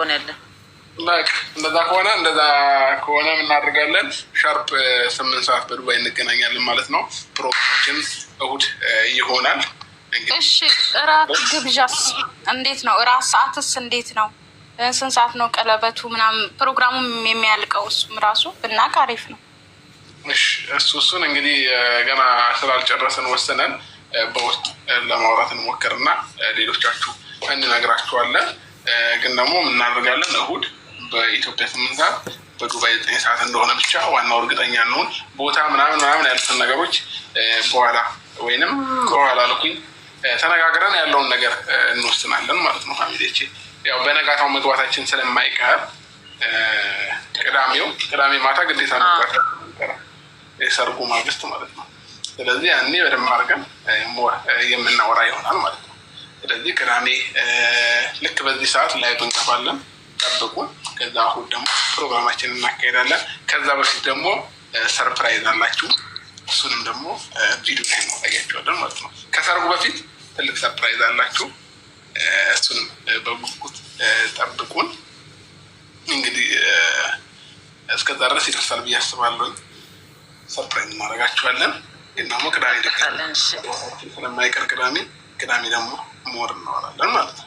ሆነ ያለን እንደዛ ከሆነ እንደዛ ከሆነ እናደርጋለን። ሻርፕ ስምንት ሰዓት በዱባይ እንገናኛለን ማለት ነው። ፕሮግራማችን እሁድ ይሆናል። እሺ እራት ግብዣስ እንዴት ነው? እራት ሰዓትስ እንዴት ነው? ስንት ሰዓት ነው ቀለበቱ ምናምን ፕሮግራሙ የሚያልቀው? እሱም ራሱ ብናቅ አሪፍ ነው። እሺ እሱ እሱን እንግዲህ ገና ስላልጨረስን ወስነን በውስጥ ለማውራት እንሞክርና ሌሎቻችሁ እንነግራችኋለን። ግን ደግሞ እናደርጋለን እሁድ በኢትዮጵያ ስምንት ሰዓት በዱባይ ዘጠኝ ሰዓት እንደሆነ ብቻ ዋናው እርግጠኛ እንሆን። ቦታ ምናምን ምናምን ያሉትን ነገሮች በኋላ ወይንም በኋላ አልኩኝ ተነጋግረን ያለውን ነገር እንወስናለን ማለት ነው። ፋሚሊዎቼ ያው በነጋታው መግባታችን ስለማይቀር ቅዳሜው ቅዳሜ ማታ ግዴታ ነበር የሰርጉ ማግስት ማለት ነው። ስለዚህ ያኔ በደንብ አድርገን የምናወራ ይሆናል ማለት ነው። ስለዚህ ቅዳሜ በዚህ ሰዓት ላይብ እንከፋለን፣ ጠብቁን። ከዛ አሁን ደግሞ ፕሮግራማችንን እናካሄዳለን። ከዛ በፊት ደግሞ ሰርፕራይዝ አላችሁ። እሱንም ደግሞ ቪዲዮ ላይ እናሳያቸዋለን ማለት ነው። ከሰርጉ በፊት ትልቅ ሰርፕራይዝ አላችሁ። እሱንም በጉጉት ጠብቁን። እንግዲህ እስከዛ ድረስ ይደርሳል ብዬ አስባለሁ። ሰርፕራይዝ እናደርጋችኋለን። ግን ደግሞ ቅዳሜ ስለማይቀር ቅዳሜ ቅዳሜ ደግሞ ሞር እናወራለን ማለት ነው።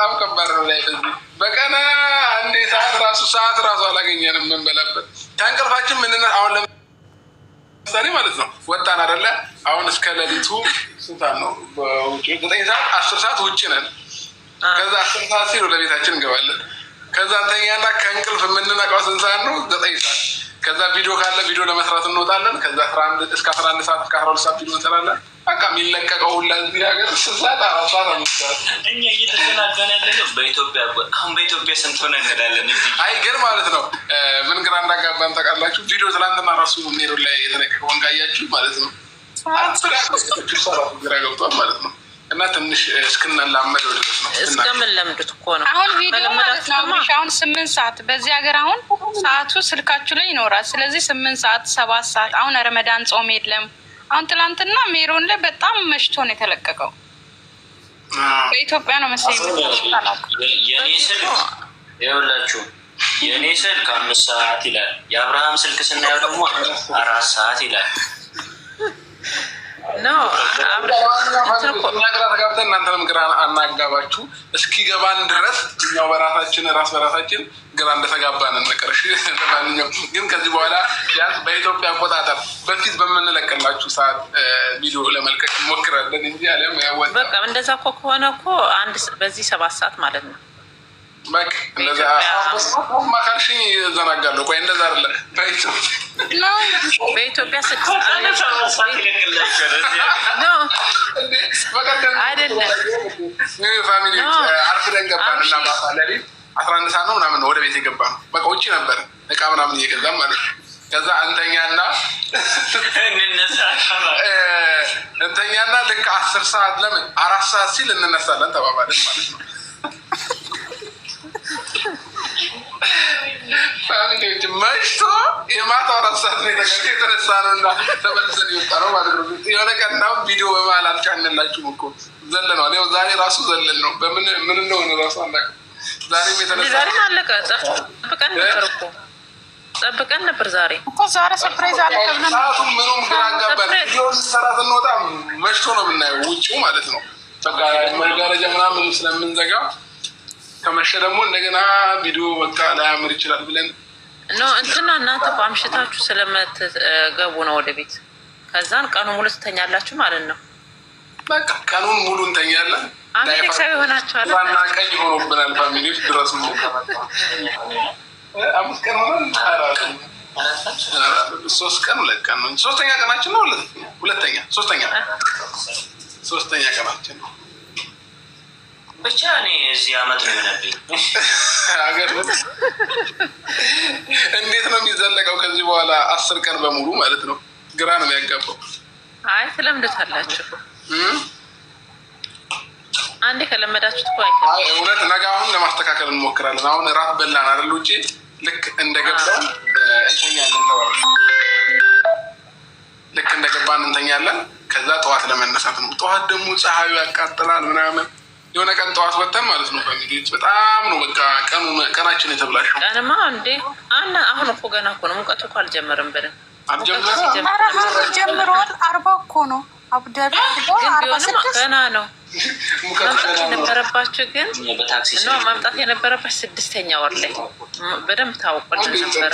በጣም ከባድ ነው። ላይ በቀን አንዴ ሰዓት ራሱ ሰዓት ራሱ አላገኘንም የምንበላበት ከእንቅልፋችን ምንነ አሁን ለምሳሌ ማለት ነው ወጣን አደለ አሁን እስከ ሌሊቱ ስንታን ነው ዘጠኝ ሰዓት አስር ሰዓት ውጭ ነን። ከዛ አስር ሰዓት ሲል ወደ እንገባለን። ከዛ አንተኛና ከእንቅልፍ የምንነቃው ስንት ሰዓት ነው? ዘጠኝ ሰዓት ከዛ ቪዲዮ ካለ ቪዲዮ ለመስራት እንወጣለን። ከዛ እስከ አስራ አንድ ሰዓት እስከ አስራ ሁለት ሰዓት ቪዲዮ እንሰራለን። በቃ የሚለቀቀው ሁላ ሀገር ስዛት አራት ሰዓት አምስት እኛ እየተገናገን ያለ በኢትዮጵያ አሁን በኢትዮጵያ ስንት ሆነ እንሄዳለን። አይ ግን ማለት ነው ምን ግራ እንዳጋባን ታውቃላችሁ። ቪዲዮ ትላንትና ራሱ ሜሮ ላይ የተለቀቀውን ካያችሁ ማለት ነው ግራ ገብቷል ማለት ነው። እና ትንሽ እስክንላመደው ድረስ እስከምንለምዱት እኮ ነው። አሁን ቪዲዮ ማለት ነው አሁን ስምንት ሰዓት በዚህ ሀገር አሁን ሰዓቱ ስልካችሁ ላይ ይኖራል። ስለዚህ ስምንት ሰዓት ሰባት ሰዓት አሁን ረመዳን ጾም የለም። አሁን ትላንትና ሜሮን ላይ በጣም መሽቶ ነው የተለቀቀው። በኢትዮጵያ ነው መሰለኝ ይኸውላችሁ፣ የእኔ ስልክ አምስት ሰዓት ይላል። የአብርሃም ስልክ ስናየው ደግሞ አራት ሰዓት ይላል። ተጋብተን እናንተንም ግራ አናጋባችሁ እስኪገባን ድረስ እኛው በራሳችን ራስ በራሳችን ግራ እንደተጋባን እንቅር። ለማንኛውም ግን ከዚህ በኋላ ቢያንስ በኢትዮጵያ አቆጣጠር በፊት በምንለቅላችሁ ሰዓት ቪዲዮ ለመልቀቅ እንሞክራለን እንጂ አለም በቃ እንደዛ እኮ ከሆነ እኮ አንድ በዚህ ሰባት ሰዓት ማለት ነው። በቃ እንደዛ ካልሽኝ ዘናጋለሁ። ቆይ እንደዛ አይደለም በኢትዮጵያ በኢትዮጵያ ስድስት አይደለም አስራ ምናምን ወደ ቤት የገባ ነው። በቃ ውጭ ነበር እቃ ምናምን እየገዛም ማለት ነው። ከዛ እንተኛና እንተኛና ልክ አስር ሰዓት ለምን አራት ሰዓት ሲል እንነሳለን ተባባለን ማለት ነው። መሽቶ የማታ አራት ሰዓት ነው የተነሳ ነው እና ተመልሰን የወጣ ነው ማለት ነው። የሆነ ቀን ቪዲዮ በመሀል አልጫንላችሁም እኮ ዘለነዋል። ያው ዛሬ ራሱ ዘለን ነው በምን ምን እንደሆነ ራሱ አናውቅም። ዛሬም የተነሳ አለቀ። ጠብቀን ነበር እኮ ጠብቀን ነበር ዛሬ እኮ ዛሬ ሰርፕራይዝ አለ ምኑም ግራ ቪዲዮ ስንሰራ ስንወጣ መሽቶ ነው የምናየው ውጭው ማለት ነው። በቃ መጋረጃ ምናምን ስለምንዘጋ ከመሸ ደግሞ እንደገና ቪዲዮ በቃ ላያምር ይችላል ብለን ኖ እንትና እናንተ እኮ አምሽታችሁ ስለምትገቡ ነው ወደ ቤት። ከዛን ቀኑ ሙሉ ትተኛላችሁ ማለት ነው። ቀኑን ሙሉ እንተኛለን። አሜሪካዊ ሆናችኋል። ዋና ቀኝ ሆኖብናል። ፋሚሊዎች ድረስ ነው አምስት ቀን ሆነ ሶስት ቀን ሁለት ቀን ነው። ሶስተኛ ቀናችን ነው። ሁለተኛ ሶስተኛ ሶስተኛ ቀናችን ነው። ብቻ እኔ እዚህ አመት ነው የሆነብኝ። እንዴት ነው የሚዘለቀው? ከዚህ በኋላ አስር ቀን በሙሉ ማለት ነው። ግራ ነው የሚያጋባው። አይ ትለምዱታላችሁ። አንዴ ከለመዳችሁት እኮ አይ እውነት ነገ አሁን ለማስተካከል እንሞክራለን። አሁን እራት በላን አይደል? ውጭ ልክ እንደገባን እንተኛለን። ልክ እንደገባን እንተኛለን። ከዛ ጠዋት ለመነሳት ነው። ጠዋት ደግሞ ፀሐዩ ያቃጥላል ምናምን የሆነ ቀን ጠዋት ወተን ማለት ነው ፋሚሊዎች፣ በጣም ነው በቃ ቀኑ ቀናችን የተብላሸው። ቀንማ እንዴ አና አሁን እኮ ገና እኮ ነው ሙቀቱ እኮ አልጀመረም። በደንብ አልጀመረም፣ ጀምሯል። አርባ እኮ ነው አብደላ ገና ነው መምጣት የነበረባቸው ግን እና መምጣት የነበረባቸው ስድስተኛ ወር ላይ በደንብ ታውቆልን ነበረ።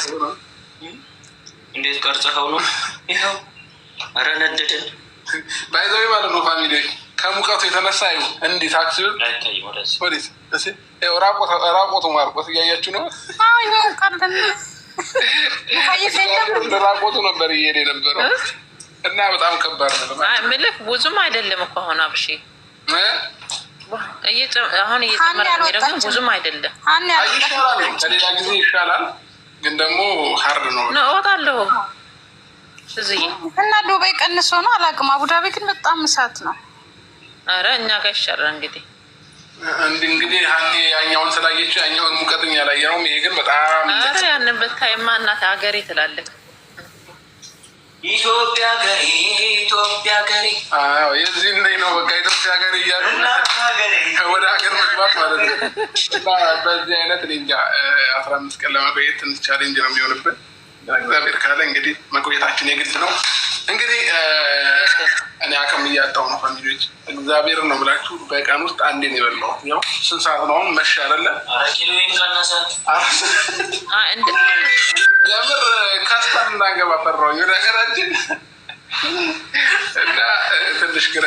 እንዴት ቀርጽኸው ነው ይኸው? ኧረ ነደድን ባይዘ ማለት ነው ፋሚሊዎች ከሙቀቱ የተነሳ ይሁን እንዲህ ታክሲውን ራቆቱ ማርቆት እያያችሁ ነው። ራቆቱ ነበር እየሄደ የነበረው እና በጣም ከባድ ነው። ምልክ ብዙም አይደለም እኮ አሁን አብሽ አሁን እየጨመረ ደግሞ ብዙም አይደለም። ከሌላ ጊዜ ይሻላል፣ ግን ደግሞ ሀርድ ነው። እወጣለሁ እና ዱባይ ቀንሶ ነው አላውቅም። አቡዳቢ ግን በጣም እሳት ነው። አረ እኛ ጋር ይሻራ እንግዲህ እንግዲህ ሀኒ ያኛውን ስላየችው ያኛውን ሙቀትም ያላየ ነው። ይሄ ግን በጣም አረ ያንበት ታይማ እናት ሀገሬ ትላለህ። ኢትዮጵያ ገሪ ኢትዮጵያ ገሪ አዎ፣ የዚህ ነው በቃ ኢትዮጵያ ገሪ እያሉ ወደ ሀገር መግባት ማለት ነው። በዚህ አይነት እኔ እንጃ አስራ አምስት ቀን ለማቆየት ትንሽ ቻሌንጅ ነው የሚሆንብን። ካለ እንግዲህ መቆየታችን የግድ ነው። እንግዲህ እኔ አቅም እያጣው ነው። ፋሚሊዎች እግዚአብሔር ነው ብላችሁ በቀን ውስጥ አንዴ ነው የበላሁት። ያው ስንት ሰዓት ነው አሁን? መሽ አለ የምር ከስታ እናገባ በራኝ ወደ ሀገራችን እና ትንሽ ግራ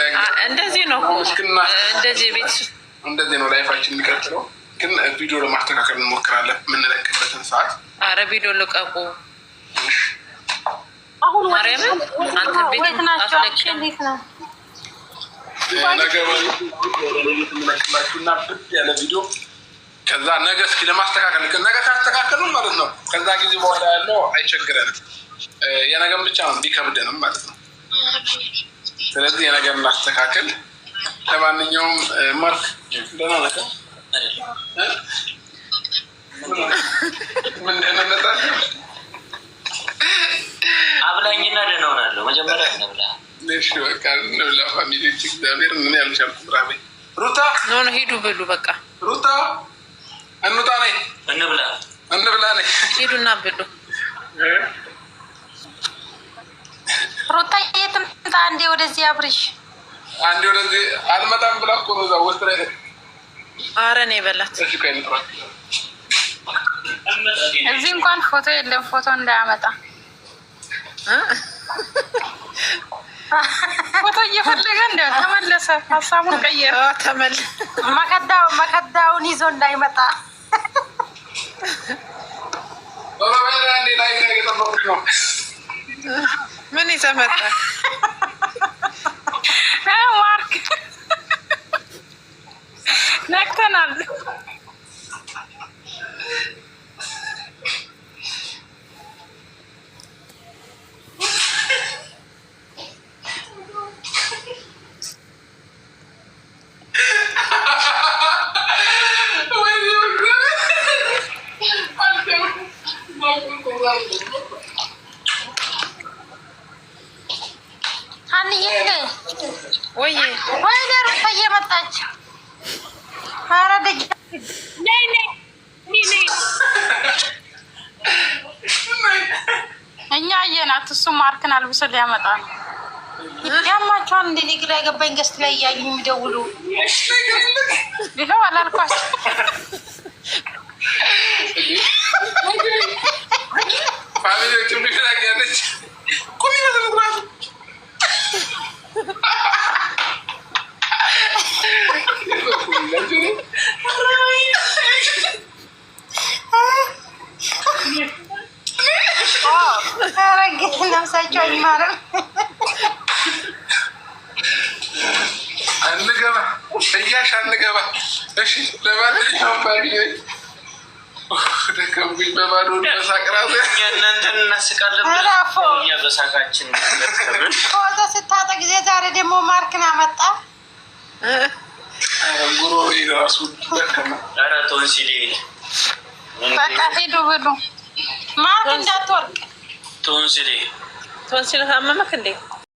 እንደዚህ ነው እንደዚህ ቤት እንደዚህ ነው ላይፋችን የሚቀጥለው። ግን ቪዲዮ ለማስተካከል እንሞክራለን የምንለቅበትን ሰዓት። አረ ቪዲዮ ልቀቁ። አሁን ወዴት ናቸው? እንዴት ነው? ነገ ከዛ ነገ እስኪ ለማስተካከል ነገ ካስተካከሉን ማለት ነው። ከዛ ጊዜ በኋላ ያለው አይቸግረንም። የነገም ብቻ ነው እንዲከብደንም ማለት ነው። ስለዚህ የነገር እናስተካከል። ለማንኛውም ማርክ ደህና ነገር መጀመሪያ እንብላ። እሺ ሩታ ሂዱ ብሉ። በቃ ሩታ እንውጣ፣ ነይ እንብላ፣ እንብላ፣ ነይ ሂዱና ብሉ። ሩታ የትም ትምጣ፣ አንዴ ወደዚህ አብርሽ፣ አንዴ ወደዚህ አልመጣም ብላ እኮ ነው እዛ ውስጥ ላይ ኧረ እኔ በላት እዚህ እንኳን ፎቶ የለም፣ ፎቶ እንዳያመጣ ፎቶ እየፈለገ እንደ ተመለሰ፣ ሀሳቡን ቀየረ። መከዳውን ይዞ እንዳይመጣ ምን ይዘህ ማርክ ነቅተናል። ወይ ወይ ሩታ እየመጣች ኧረ እኛ አየናት። እሱ ማርክን አልብሶ ሊያመጣ ነው። ያማቸዋል እንደ እኔ ግራ የገባኝ ገስት ላይ እያዩ የሚደውሉ ይኸው አላልኳቸው። ፋሚሊዎቹ ያለች ማርያም አንገባ እያሽ አንገባ። እሺ ለማንኛውም ባሪዎች ደከምኩኝ። በባዶ በሳቅራዘ እናንተን እናስቃለን። እኛ በሳቃችን ፎቶ ስታጠ ጊዜ ዛሬ ደግሞ ማርክን አመጣ። ጉሮሮ ራሱ ደከመ። ኧረ በቃ ሂዱ ብሉ ማርክ እንዳትወርቅ ቶንሲል ቶንሲል ታመመክ እንዴ?